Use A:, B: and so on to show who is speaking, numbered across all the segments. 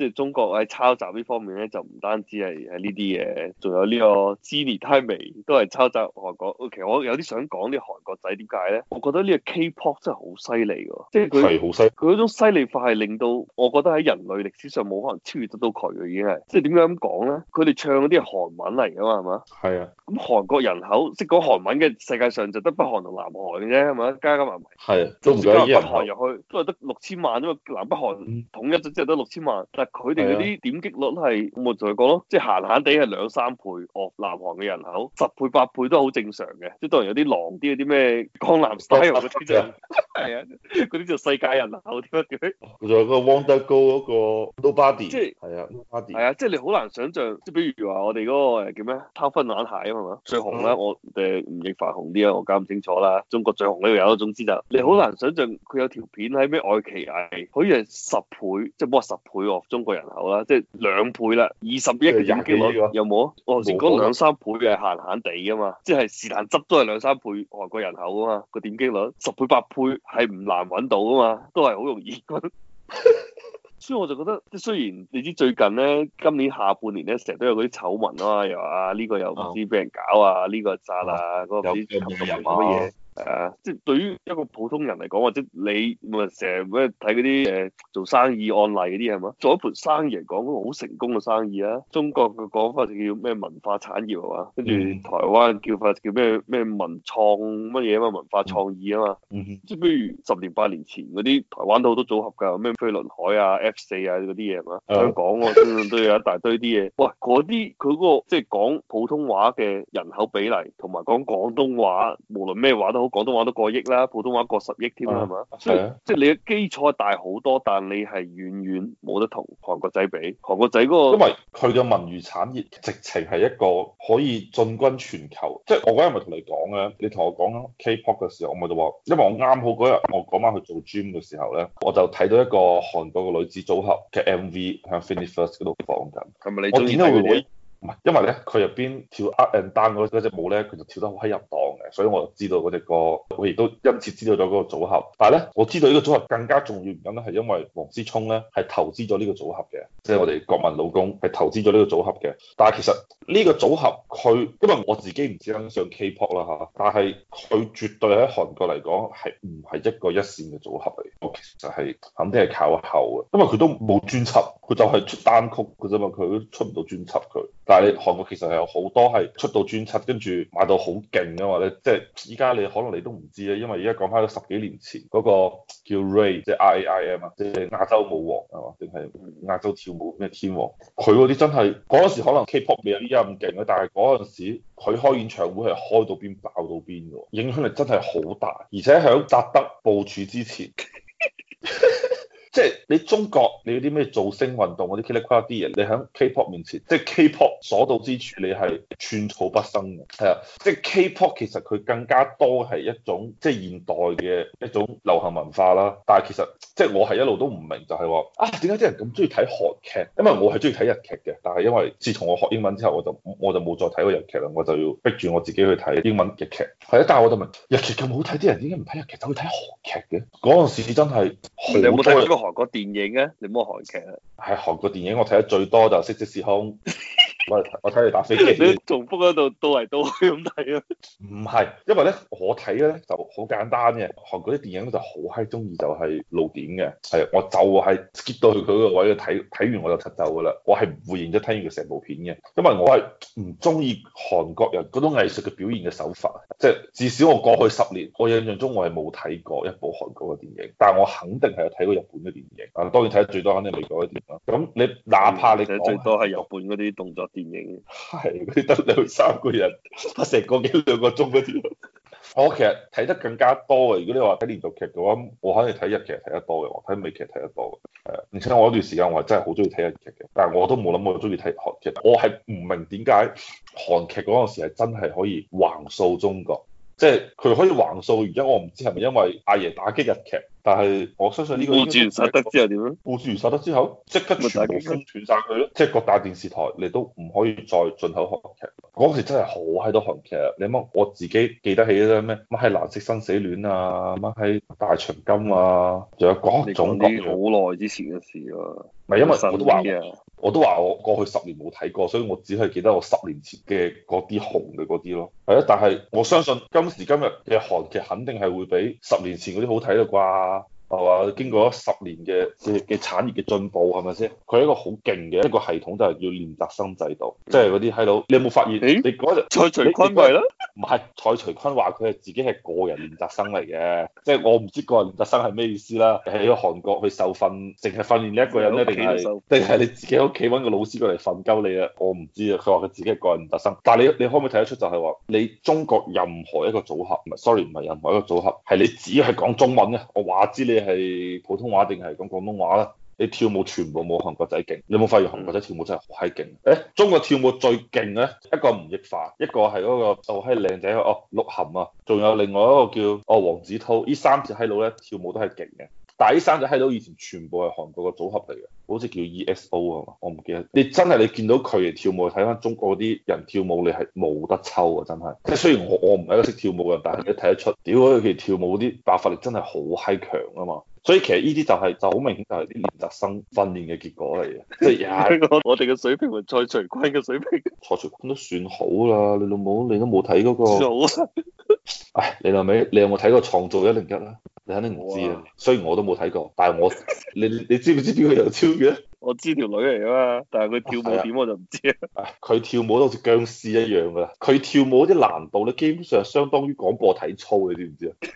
A: 即係、就是、中國喺抄襲呢方面咧，就唔單止係係呢啲嘢，仲有呢個《Zlatame》都係抄襲韓國。OK，我有啲想講啲韓國仔點解咧？我覺得呢個 K-pop 真係好犀利喎！即係佢係好犀，佢嗰種犀利化係令到我覺得喺人類歷史上冇可能超越得到佢嘅，已經係即係點樣咁講咧？佢、就、哋、是、唱嗰啲係韓文嚟㗎嘛，係嘛？係是啊、嗯。咁韓國人口識講韓文嘅世界上就得北韓同南韓嘅啫，係咪啊？加加埋埋
B: 係都唔夠。北韓入去
A: 都係得六千萬啫嘛，南北韓統一咗之後得六千萬，佢哋嗰啲點擊率都係，的我同佢講咯，即係閒閒地係兩三倍，喎、哦、南韓嘅人口十倍八倍都好正常嘅。即係當然有啲狼啲嗰啲咩江南 style 嗰啲就係啊，嗰啲就世界人口添，
B: 佢仲有嗰個 Wonder Girls 嗰、那個 Nobody，即係
A: 係啊，係啊，即係你好難想象，即係比如話我哋嗰、那個誒叫咩？偷婚眼鞋啊嘛，最紅啦、嗯，我誒吳亦凡紅啲啊，我搞唔清楚啦，中國最紅都有，總之就是、你好難想象佢有條片喺咩愛奇藝，好似係十倍，即係冇話十倍喎中國人口啦，即係兩倍啦，二十億嘅點擊率有冇啊？我頭先講兩三倍嘅，閒閒地噶嘛，即係是但執都係兩三倍外國人口啊嘛，個點擊率十倍八倍係唔難揾到噶嘛，都係好容易。 所以我就覺得，即係雖然你知最近咧，今年下半年咧成日都有嗰啲醜聞啊，又話呢個又唔知俾人搞啊，呢、嗯、個炸啊，嗰、嗯、個唔知乜嘢。誒，uh, 即係對於一個普通人嚟講，或者你咪成日咩睇嗰啲誒做生意案例嗰啲係嘛？做一盤生意嚟講，嗰個好成功嘅生意啊！中國嘅講法就叫咩文化產業啊嘛，跟住台灣叫法叫咩咩文創乜嘢啊嘛，文化創意啊嘛。即係、mm hmm. 比如十年八年前嗰啲台灣都好多組合噶，咩飛輪海啊、F 四啊嗰啲嘢係嘛？香港、oh. 我都有一大堆啲嘢。哇，嗰啲佢嗰個即係講普通話嘅人口比例，同埋講廣東話，無論咩話都。講廣東話都過億啦，普通話過十億添啦，係嘛？
B: 即係你嘅基礎大好多，但你係遠遠冇得同韓國仔比。韓國仔嗰個，因為佢嘅文娛產業直情係一個可以進軍全球。即係我嗰日咪同你講嘅，你同我講咯 K-pop 嘅時候，我咪就話，因為我啱好嗰日我嗰晚去做 gym 嘅時候咧，我就睇到一個韓國嘅女子組合嘅 MV 喺 Fitness First 嗰度放緊。係咪你中意睇嘅？唔係，因為咧佢入邊跳 Up and Down 嗰隻舞咧，佢就跳得好閪入檔。所以我就知道嗰隻歌，我亦都因此知道咗嗰個組合。但係咧，我知道呢個組合更加重要原因咧，係因為王思聰咧係投資咗呢個組合嘅，即係我哋國民老公係投資咗呢個組合嘅。但係其實呢個組合佢，因為我自己唔知登上 K-pop 啦嚇，但係佢絕對喺韓國嚟講係唔係一個一線嘅組合嚟。我其實係肯定係靠後嘅，因為佢都冇專輯，佢就係出單曲佢啫嘛，佢都出唔到專輯佢。但係你韓國其實係有好多係出到專輯，跟住賣到好勁嘅嘛，你。即係依家你可能你都唔知咧，因為而家講翻咗十幾年前嗰、嗰個叫 Ray，即係 A I M 啊，即係亞洲舞王係嘛，定係亞洲跳舞咩天王？佢嗰啲真係嗰陣時可能 K-pop 未有依家咁勁咧，但係嗰陣時佢開演唱會係開到邊爆到邊嘅喎，影響力真係好大，而且喺薩德部署之前。 即係你中國你啲咩造星運動嗰啲 K-pop 啲人，你喺 K-pop 面前，即係 K-pop 所到之處，你係寸草不生嘅。係啊，即係 K-pop 其實佢更加多係一種即係現代嘅一種流行文化啦。但係其實即係我係一路都唔明，就係、是、話啊，點解啲人咁中意睇韓劇？因為我係中意睇日劇嘅，但係因為自從我學英文之後，我就我就冇再睇過日劇啦，我就要逼住我自己去睇英文嘅劇。係啊，但係我就問日劇咁好睇，啲人點解唔睇日劇，走去睇韓劇嘅？嗰、那、陣、個、時真係你冇睇過？
A: 韓國電影啊，你冇韓劇啊？
B: 係韓國電影，我睇得最多就係《色即是空》。我睇你打飛機， 你重複嗰度到嚟到去咁睇啊。唔係，因為咧我睇咧就好簡單嘅，韓國啲電影咧就好嗨中意就係露點嘅，係我就係 skip 到去佢個位嘅睇，睇完我就出走噶啦，我係唔會認真睇完佢成部片嘅，因為我係唔中意韓國人嗰種藝術嘅表現嘅手法，即係至少我過去十年，我印象中我係冇睇過一部韓國嘅電影，但係我肯定係有睇過日本嘅電影，啊當然睇得最多肯定係美國嘅電影。咁你哪怕你睇最多係日本嗰啲動作電影係嗰啲得兩三個人，成個幾兩個鐘嗰啲。我其實睇得更加多嘅。如果你話睇連續劇嘅話，我可以睇日劇睇得多嘅，我睇美劇睇得多嘅。係而且我一段時間我係真係好中意睇日劇嘅，但係我都冇諗過我中意睇韓劇。我係唔明點解韓劇嗰陣時係真係可以橫掃中國，即係佢可以橫掃。原因我唔知係咪因為阿爺打擊日劇。但係我相信呢個佈置完薩德之後點咧？佈置完薩德之後，即刻全部斷晒佢咯！即係各大電視台，你都唔可以再進口韓劇。嗰時真係好閪多韓劇，你諗我自己記得起咧咩？乜喺《藍色生死戀》啊，乜喺《大長今》啊，仲、嗯、有各種各樣。好耐之前嘅事啊，唔是因為我都話，我都話我過去十年冇睇過，所以我只係記得我十年前嘅嗰啲紅嘅嗰啲咯。係啊，但係我相信今時今日嘅韓劇肯定係會比十年前嗰啲好睇嘅啩。係嘛？經過咗十年嘅嘅嘅產業嘅進步係咪先？佢係一個好勁嘅一個系統，就係要練習生制度，即係嗰啲閪佬。你有冇發現？你你嗰日、嗯、蔡徐坤咪咯？唔係蔡徐坤話佢係自己係個人練習生嚟嘅，即係我唔知個人練習生係咩意思啦。喺韓國去受訓，淨係訓練你一個人咧，定係定係你自己屋企揾個老師過嚟訓鳩你啊？我唔知啊。佢話佢自己係個人練習生，但係你你可唔可以睇得出就係話你中國任何一個組合？唔係，sorry，唔係任何一個組合，係你只係講中文嘅。我話知你。係普通話定係講廣東話啦？你跳舞全部冇韓國仔勁，你有冇發現韓國仔跳舞真係好閪勁？誒、嗯欸，中國跳舞最勁咧，一個吳亦凡，一個係嗰、嗰個好閪靚仔哦，鹿晗啊，仲有另外一個叫哦黃子韜。依三隻閪佬咧跳舞都係勁嘅，但係依三隻閪佬以前全部係韓國嘅組合嚟嘅。好似叫 EXO 啊嘛，我唔記得。你真係你見到佢哋跳舞，睇翻中國啲人跳舞，你係冇得抽啊！真係，即係雖然我我唔係一個識跳舞嘅人，但係你睇得出，屌佢哋跳舞嗰啲爆發力真係好閪強啊嘛！所以其實呢啲就係、是、就好明顯，就係啲練習生訓練嘅結果嚟嘅，
A: 即、就、係、是、 我我哋嘅水平同蔡徐坤嘅水平，
B: 蔡徐坤都算好啦。你老母，你都冇睇嗰個，你老尾， 你有冇睇過創造一零一啊？你肯定唔知啊，哇雖然我都冇睇過，但係我你你，你知唔知邊個又超嘅？
A: 我知條女嚟噶嘛，但係佢跳舞點我就唔
B: 知啊。佢、啊、 跳舞都好似僵屍一樣噶啦，佢跳舞啲難度咧，基本上相當於廣播體操，你知唔知啊？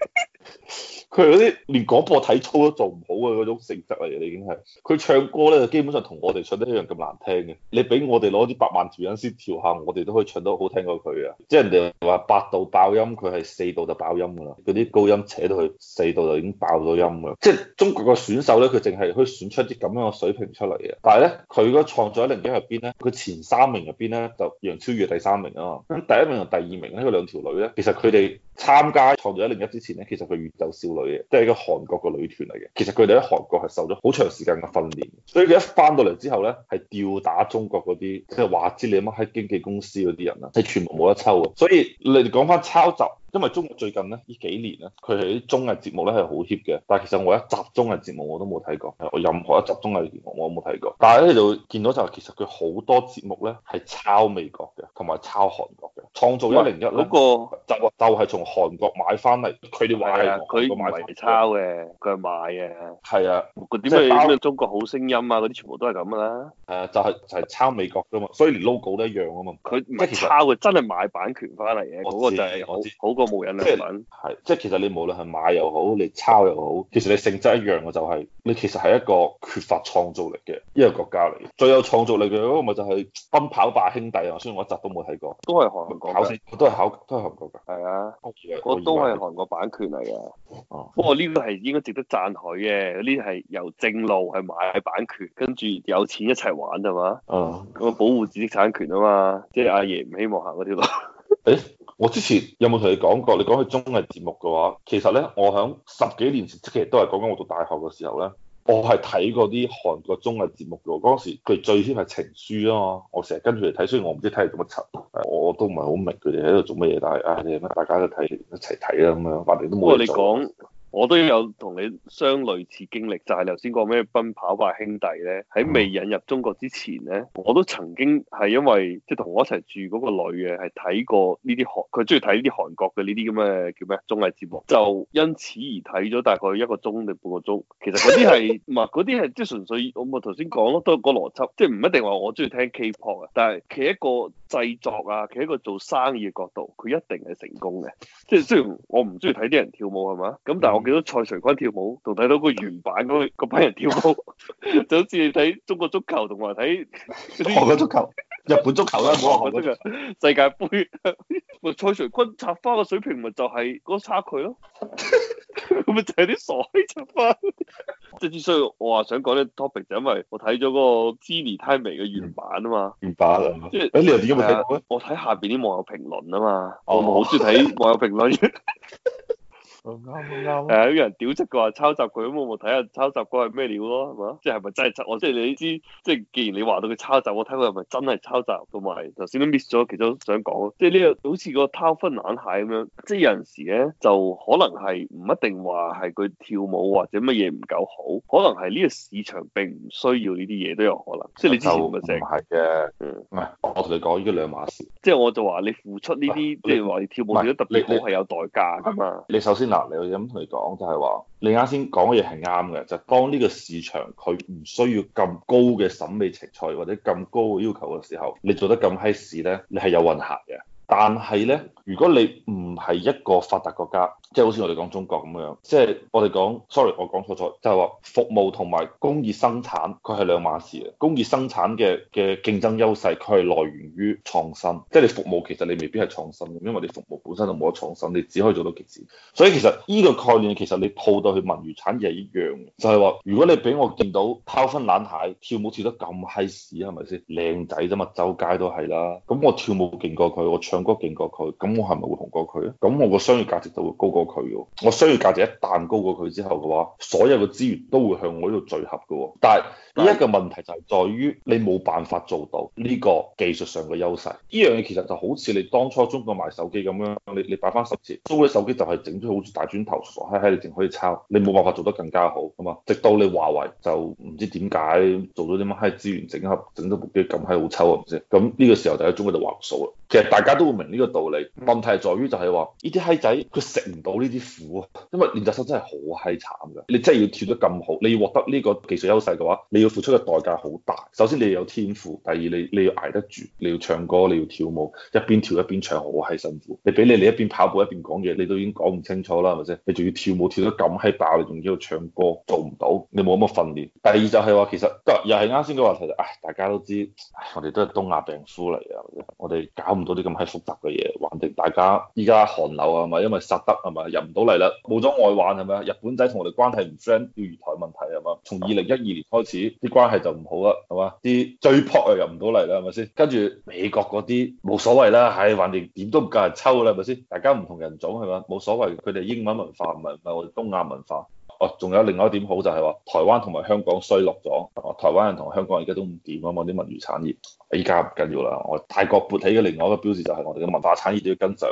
B: 佢係嗰啲連廣播體操都做唔好嘅嗰種性質嚟嘅，已經係佢唱歌咧，就基本上同我哋唱得一樣咁難聽嘅。你俾我哋攞啲百萬條音先調下，我哋都可以唱得好聽過佢啊！即係人哋話八度爆音，佢係四度就爆音噶啦，嗰啲高音扯到去四度就已經爆咗音噶啦。即係中國個選手咧，佢淨係可以選出啲咁樣嘅水平出嚟嘅。但係咧，佢個創造一零一入邊咧，佢前三名入邊咧，就楊超越第三名啊，咁第一名同第二名咧，佢兩條女咧，其實佢哋參加創造一零一之前咧，其實宇宙少女嘅，即係一個韓國嘅女團嚟嘅。其實佢哋喺韓國係受咗好長時間嘅訓練，所以佢一翻到嚟之後咧，係吊打中國嗰啲，即係話知你乜閪經紀公司嗰啲人啊，係全部冇得抽嘅。所以你哋講翻抄襲，因為中國最近呢，呢幾年咧，佢哋啲綜藝節目咧係好 hit 嘅，但係其實我一集綜藝節目我都冇睇過，我任何一集綜藝節目我都冇睇過。但係咧你就會見到就其實佢好多節目咧係抄美國嘅，同埋抄韓國。創造一零一嗰個就就係從韓國買翻嚟，佢哋買佢買抄嘅，佢係買嘅。係啊，點解中國好聲音啊嗰啲全部都係咁噶啦？係啊，就係就係抄美國噶嘛，所以連 logo 都一樣啊嘛。佢唔係抄嘅，真係買版權翻嚟嘅。我知道，我知好過無印良品。係，即係其實你無論係買又好，你抄又好，其實你性質一樣嘅，就係你其實係一個缺乏創造力嘅一個國家嚟。最有創造力嘅嗰個咪就係奔跑吧兄弟啊！雖然我一集都冇睇過，都係韓。考試我都係考都係韓國噶係啊，我都係韓國版權嚟嘅。哦、
A: 啊，不過呢個係應該值得讚許嘅，呢啲係由正路係買版權，跟住有錢一齊
B: 玩啊嘛。哦，咁啊，嗯、保護自己產權啊嘛，即係阿爺唔希望行嗰條路。誒、啊 欸，我之前有冇同你講過？你講起綜藝節目嘅話，其實咧，我響十幾年前，即其實都係講緊我讀大學嘅時候咧。我係睇過啲韓國綜藝節目嘅，嗰時佢最先係情書啊嘛，我成日跟住嚟睇，雖然我唔知睇嚟做乜柒，我都唔係好明佢哋喺度做乜嘢，但係啊，你哋乜大家都睇一齊睇啦咁樣，反正都冇嘢做。我都有
A: 同你相類似經歷，就係你頭先講咩奔跑吧兄弟咧，喺未引入中國之前咧，我都曾經係因為即係同我一齊住嗰個女嘅係睇過呢啲韓，佢中意睇呢啲韓國嘅呢啲咁嘅叫咩綜藝節目，就因此而睇咗大概一個鐘定半個鐘。其實嗰啲係唔係嗰啲係即係純粹我咪頭先講咯，都係個邏輯，即係唔一定話我中意聽 K-pop 啊，pop，但係企一個製作啊，企一個做生意嘅角度，佢一定係成功嘅。即係雖然我唔中意睇啲人跳舞係嘛，咁但係我。睇到蔡徐坤跳舞，同睇到個原版嗰班人跳舞， 就好似你睇中國足球同埋睇韓
B: 國足球、日本足球啦，冇話韓
A: 國足球世界盃。 蔡徐坤插花嘅水平，咪就係嗰個差距咯。咁 咪就係啲傻閪插花的。即係之所以我話想講呢 topic，就因為我睇咗嗰個 Zine Time 嘅原版啊嘛。原版啊！即係
B: 你又點解冇睇？
A: 我睇下邊啲網友評論啊嘛。哦、我好中意睇網友評論。 唔啱，唔啱。有人屌柒佢話抄襲佢，咁我咪睇下抄襲嗰係咩料咯，係嘛？即係係咪真係抄？即係你知，即係既然你話到佢抄襲，我睇佢係咪真係抄襲？同埋頭先都 miss 咗，其實都想講，即係呢個好似個偷分懶蟹咁樣。即係有陣時咧，就可能係唔一定話係佢跳舞或者乜嘢唔夠好，可能係呢個市場並唔需要呢啲嘢都有可能。即係你之前唔係
B: 嘅，唔係我同你講呢個兩碼事。
A: 即係我就話你付出呢啲，即係話你跳舞跳得特別好係有代價㗎嘛。你首先。嗱，
B: 你咁同你講，就係話你啱先講嘅嘢係啱嘅，就係當呢個市場佢唔需要咁高嘅審美情趣或者咁高嘅要求嘅時候，你做得咁閪事咧，你係有運行嘅。但係咧，如果你唔係一個發達國家，即係好似我哋講中國咁樣，即係我哋講，sorry，我講錯咗，就係話服務同埋工業生產佢係兩碼事啊！工業生產嘅嘅競爭優勢佢係來源於創新，即係你服務其實你未必係創新，因為你服務本身就冇得創新，你只可以做到極致。所以其實呢個概念其實你套到去文娛產業一樣嘅，就係話如果你俾我見到拋分攬蟹跳舞跳得咁閪屎，係咪先靚仔啫嘛？周街都係啦，咁我跳舞勁過佢，我唱歌勁過佢，咁我係咪會紅過佢咧？咁我個商業價值就會高過佢嘅，我需要價值一旦高過佢之後嘅話，所有嘅資源都會向我呢度聚合嘅，但係。呢一個問題就係在於你冇辦法做到呢個技術上嘅優勢，呢樣嘢其實就好似你當初中國賣手機咁樣，你你擺翻首字，租國手機就係整咗好似大磚頭傻閪閪，你淨可以抄，你冇辦法做得更加好，咁啊，直到你華為就唔知點解做咗啲乜閪資源整合，整咗部機咁閪好抽啊，唔知，咁呢個時候就喺中國就橫掃啦。其實大家都會明呢個道理，問題係在於就係話呢啲閪仔佢食唔到呢啲苦啊，因為練習生真係好閪慘㗎，你真係要跳得咁好，你要獲得呢個技術優勢嘅話，你要付出嘅代價好大。首先你有天賦，第二你你要捱得住，你要唱歌，你要跳舞，一邊跳一邊唱好閪辛苦。你俾你你一邊跑步一邊講嘢，你都已經講唔清楚啦，係咪先？你仲要跳舞跳得咁閪爆，你仲要唱歌做唔到，你冇乜多訓練。第二就係話其實，又係啱先嘅話題就，唉，大家都知，我哋都係東亞病夫嚟啊，我哋搞唔到啲咁閪複雜嘅嘢。橫掂大家依家韓流啊嘛，因為薩德，係咪入唔到嚟啦，冇咗外患係咪啊？日本仔同我哋關係唔 friend 要魚台問題係嘛？從二零一二年開始。啲關係就唔好啦，係嘛？啲最扑又入唔到嚟啦，係咪先？跟住美國嗰啲冇所謂啦，唉，橫掂點都唔夠人抽啦，係咪先？大家唔同人種，係嘛，冇所謂，佢哋英文文化唔係唔係我哋東亞文化。仲有另外一點好就係話，台灣同埋香港衰落咗，台灣人同香港而家都唔掂啊嘛，啲文娛產業，依家唔緊要啦。我大國勃起嘅另外一個標誌就係我哋嘅文化產業都要跟上，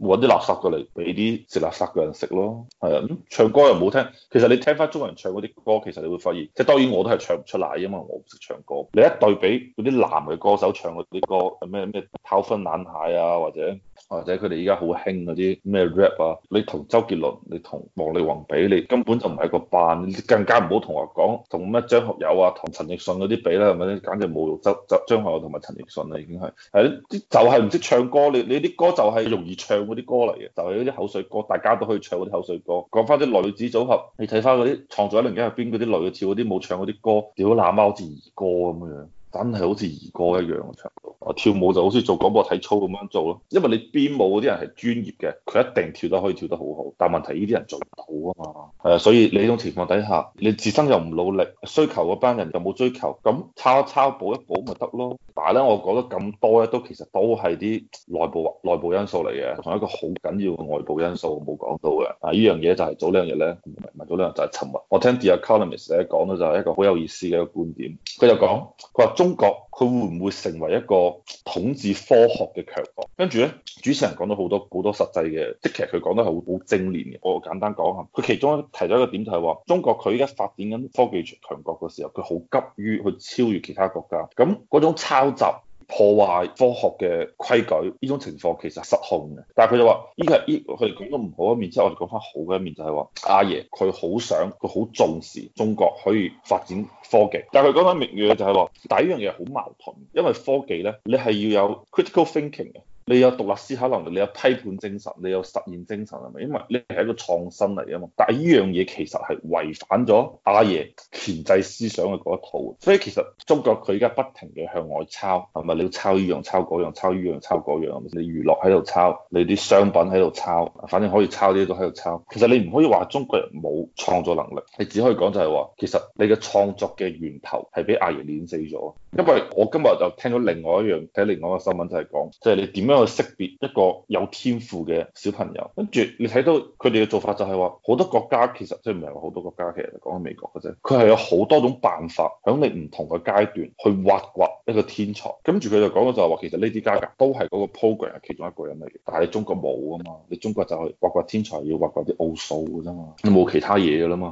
B: 揾啲垃圾過嚟俾啲食垃圾嘅人食咯。係啊、嗯，唱歌又唔好聽，其實你聽翻中國人唱嗰啲歌，其實你會發現，即係當然我都係唱唔出嚟，啊嘛。我唔識唱歌。你一對比嗰啲男嘅歌手唱嗰啲歌，咩咩偷歡懶蟹啊，或者或者佢哋依家好興嗰啲咩 rap 啊，你同周杰倫你同王力宏比，你根本就唔係個班，更加唔好同我講，同乜張學友啊、同陳奕迅嗰啲比啦，係咪咧？簡直侮辱周周張學友同埋陳奕迅啦，已經係係啲就係唔識唱歌，你你啲歌就係容易唱嗰啲歌嚟嘅，就係嗰啲口水歌，大家都可以唱嗰啲口水歌。講翻啲女子組合，你睇翻嗰啲創造101入邊嗰啲女跳嗰啲冇唱嗰啲歌，屌喇媽好似兒歌咁嘅樣。真係好似兒歌一樣唱、啊、到，跳舞就好似做廣播體操咁樣做咯、啊。因為你編舞嗰啲人係專業嘅，佢一定跳得可以跳得好好。但問題呢啲人做唔到啊嘛，係啊，所以你呢種情況底下，你自身又唔努力，需求嗰班人又冇追求，咁抄一抄補一補咪得咯。但係咧，我覺得咁多咧，都其實都係啲內部內部因素嚟嘅，同一個好緊要嘅外部因素冇講到嘅。啊，呢樣嘢就係早兩日咧，唔係早兩日就係尋日。我聽 The Economist 咧講到就係一個好有意思嘅一個觀點，佢就講佢話。中國佢會唔會成為一個統治科學嘅強國？跟住咧，主持人講咗好多好多實際嘅，即其實佢講得係好精煉嘅。我簡單講下，佢其中提咗一個點就係話，中國佢而家發展緊科技強國嘅時候，佢好急於去超越其他國家，咁嗰種抄襲。破壞科學嘅規矩，呢種情況其實失控嘅。但係佢就話，呢個係呢，佢哋講咗唔好一面之後，我哋講翻好嘅一面就係話，阿爺佢好想，佢好重視中國可以發展科技。但係佢講翻另一樣嘢就係話，第一樣嘢好矛盾，因為科技咧，你係要有 critical thinking。你有獨立思考能力，你有批判精神，你有實現精神係咪？因為你係一個創新嚟嘅嘛。但係呢樣嘢其實係違反咗阿爺權制思想嘅嗰一套。所以其實中國佢而家不停嘅向外抄係咪？你要抄呢樣、抄嗰樣、抄呢樣、抄嗰樣，係咪先？你娛樂喺度抄，你啲商品喺度抄，反正可以抄啲都喺度抄。其實你唔可以話中國人冇創作能力，你只可以講就係話，其實你嘅創作嘅源頭係俾阿爺碾死咗。因為我今日就聽到另外一樣睇另外一個新聞就，就係講，即係你點樣。去識別一個有天賦嘅小朋友，跟住你睇到佢哋嘅做法就係話，好多國家其實即係唔係話好多國家，其實,其實講緊美國嘅啫。佢係有好多種辦法，喺你唔同嘅階段去挖掘一個天才。跟住佢就講咗就係話，其實呢啲價格都係嗰個 program 其中一個人嚟嘅。但係中國冇啊嘛，你中國就係挖掘天才要挖掘啲奧數嘅啫嘛，你冇其他嘢噶啦嘛。